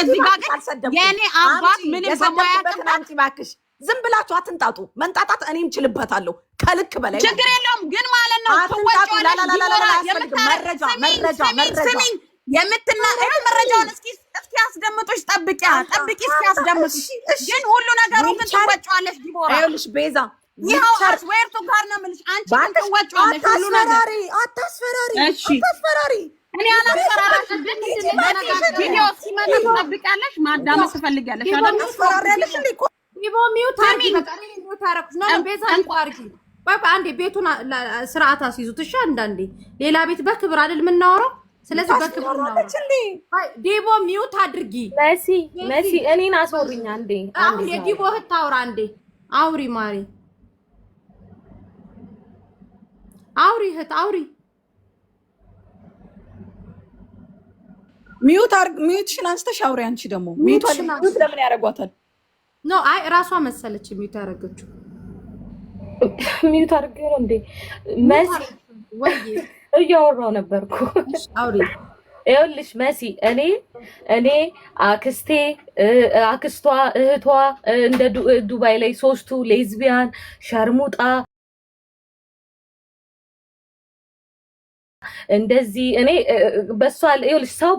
እዚህ ጋር ግን የእኔ አባት ምንም በሙያቅም አንቺ እባክሽ ዝም ብላችሁ አትንጣጡ። መንጣጣት እኔም ችልበታለሁ ከልክ በላይ ችግር የለውም ግን ማለት ነው ትወጪዋለሽ። የምትና መረጃውን እስኪ አስደምጡሽ። ጠብቂ ጠብቂ፣ እስኪ አስደምጡሽ። ግን ሁሉ ነገሩ ግን ትወጪዋለሽ። ዲቦራ ይኸውልሽ ቤዛ ይኸው አስዌርቱ ጋር ነው የምልሽ አንቺ ትወጪዋለሽ። አታስፈራሪ እኔ አላስፈራራሽም፣ ግን ሲመጣ ትጠብቂያለሽ፣ ማዳመጥ ትፈልጊያለሽ። አንዴ ቤቱን ስርዓት አስይዙት። እሺ፣ አንዳንዴ ሌላ ቤት በክብር አይደል የምናወራው? ስለዚህ በክብር ነው። ዲቦ ሚውት አድርጊ። መሲ መሲ፣ እኔን አስወሪኝ አንዴ። አሁን የዲቦ እህት ታውራ አንዴ። አውሪ ማሪ፣ አውሪ እህት አውሪ ሚዩት ሚዩትሽን አንስተሽ አውሪ። አንቺ ደግሞ ሚዩት ለምን ያደርጓታል? ኖ አይ ራሷ መሰለች ሚዩት ያደረገችው። ሚዩት አድርጌ ነው እንዴ? መሲ እያወራው ነበርኩ። አውሪ ይኸውልሽ መሲ እኔ እኔ አክስቴ አክስቷ እህቷ እንደ ዱባይ ላይ ሶስቱ ሌዝቢያን ሸርሙጣ እንደዚህ እኔ በሷ ሰው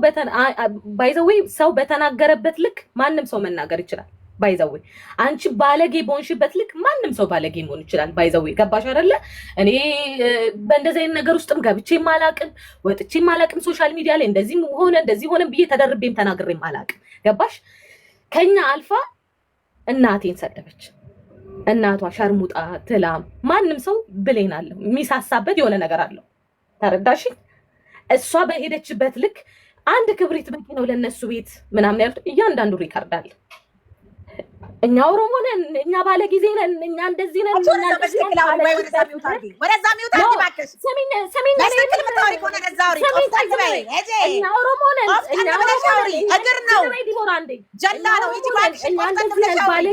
ባይዘዌ ሰው በተናገረበት ልክ ማንም ሰው መናገር ይችላል። ባይዘዌ አንቺ ባለጌ በሆንሽበት ልክ ማንም ሰው ባለጌ መሆን ይችላል። ባይዘዌ ገባሽ አይደለ? እኔ በእንደዚህ አይነት ነገር ውስጥም ገብቼም አላቅም ወጥቼም አላቅም። ሶሻል ሚዲያ ላይ እንደዚህ ሆነ እንደዚህ ሆነ ብዬ ተደርቤም ተናግሬም አላቅም። ገባሽ? ከኛ አልፋ እናቴን ሰደበች። እናቷ ሸርሙጣ ትላም ማንም ሰው ብሌን አለው የሚሳሳበት የሆነ ነገር አለው። ተረዳሽኝ? እሷ በሄደችበት ልክ አንድ ክብሪት መኪናው ለነሱ ቤት ምናምን ያሉት እያንዳንዱ ሪካርድ እኛ ኦሮሞ ነን፣ እኛ ባለ ጊዜ ነን፣ እኛ እንደዚህ ነን። ባለ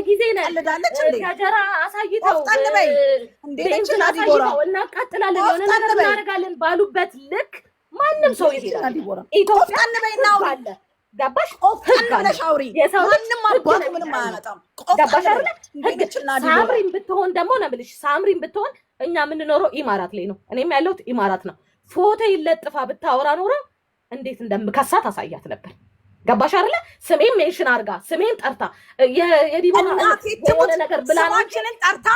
ጊዜ ነን። ገጀራ አሳይተው እናቃጥላለን፣ የሆነ ነገር እናደርጋለን ባሉበት ልክ ማንም ሰው ይሄዳል። ኢትዮጵያ ገባሽ? ሳምሪን ብትሆን ደግሞ ነው የምልሽ። ሳምሪን ብትሆን እኛ የምንኖረው ኢማራት ላይ ነው፣ እኔም ያለሁት ኢማራት ነው። ፎቶ ይለጥፋ ብታወራ ኖረ እንዴት እንደምከሳት አሳያት ነበር። ገባሽ አይደለ? ስሜም ሜንሽን አርጋ ስሜም ጠርታ የዲሆነ ነገር ብላችንን ጠርታ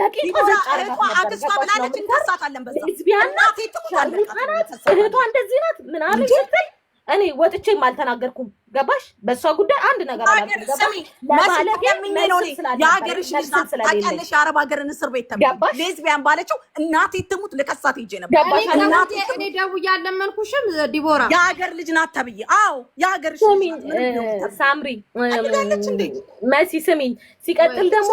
በቂጦ ዘጭ አርጋት ነበር። ሌዝቢያን ናት፣ እህቷ እንደዚህ ናት ምናምን ስትል እኔ ወጥቼም አልተናገርኩም። ገባሽ? በእሷ ጉዳይ አንድ ነገር የሀገርሽ ልጅ ሀገርን እስር ቤት ተባለች። ሌዝቢያን ባለችው እናቴ ትሙት ልከሳት ሄጄ ነበር። እኔ ደውዬ አለመንኩሽም ዲቦራ፣ የሀገር ልጅ ናት ተብዬ። አዎ የሀገርሽ ሳምሪ መሲ ስሚኝ። ሲቀጥል ደግሞ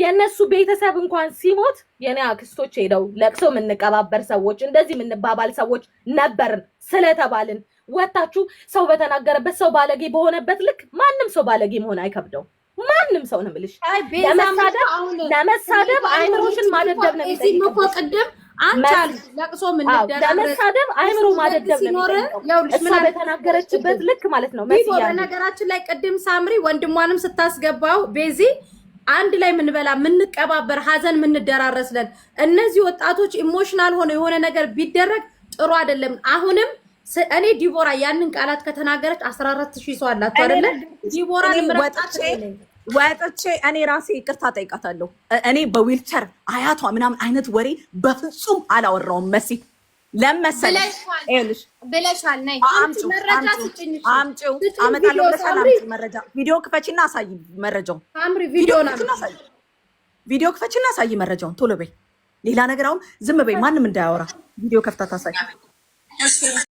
የእነሱ ቤተሰብ እንኳን ሲሞት የኔ አክስቶች ሄደው ለቅሶ የምንቀባበር ሰዎች፣ እንደዚህ የምንባባል ሰዎች ነበርን ስለተባልን ወታችሁ ሰው በተናገረበት ሰው ባለጌ በሆነበት ልክ ማንም ሰው ባለጌ መሆን አይከብደው። ማንም ሰው ነው የምልሽ። ለመሳደብ አይምሮሽን ማደደብ ነው የሚጠይቀው። ለመሳደብ አይምሮ ማደደብ ነው እሷ በተናገረችበት ልክ ማለት ነው። ነገራችን ላይ ቅድም ሳምሪ ወንድሟንም ስታስገባው ቤዚ አንድ ላይ የምንበላ የምንቀባበር ሀዘን የምንደራረስለን እነዚህ ወጣቶች ኢሞሽናል ሆነ የሆነ ነገር ቢደረግ ጥሩ አይደለም። አሁንም እኔ ዲቦራ ያንን ቃላት ከተናገረች አስራ አራት ሺህ ሰው አላት አይደለ? ዲቦራ ወጥቼ እኔ ራሴ ይቅርታ ጠይቃታለሁ። እኔ በዊልቸር አያቷ ምናምን አይነት ወሬ በፍጹም አላወራውም መሲ ለመሰለሽ ይኸውልሽ ብለሻል። ነይ መረጃ ስጭኝ፣ አምጪው፣ አመጣለሁ ብለሻል። አምጪው መረጃ። ቪዲዮ ክፈችና አሳይ መረጃውን። ሳምሪ ቪዲዮ ናሳይ፣ ቪዲዮ ክፈችና አሳይ መረጃውን። ቶሎ በይ፣ ሌላ ነገር አሁን ዝም በይ፣ ማንም እንዳያወራ። ቪዲዮ ከፍታ ታሳይ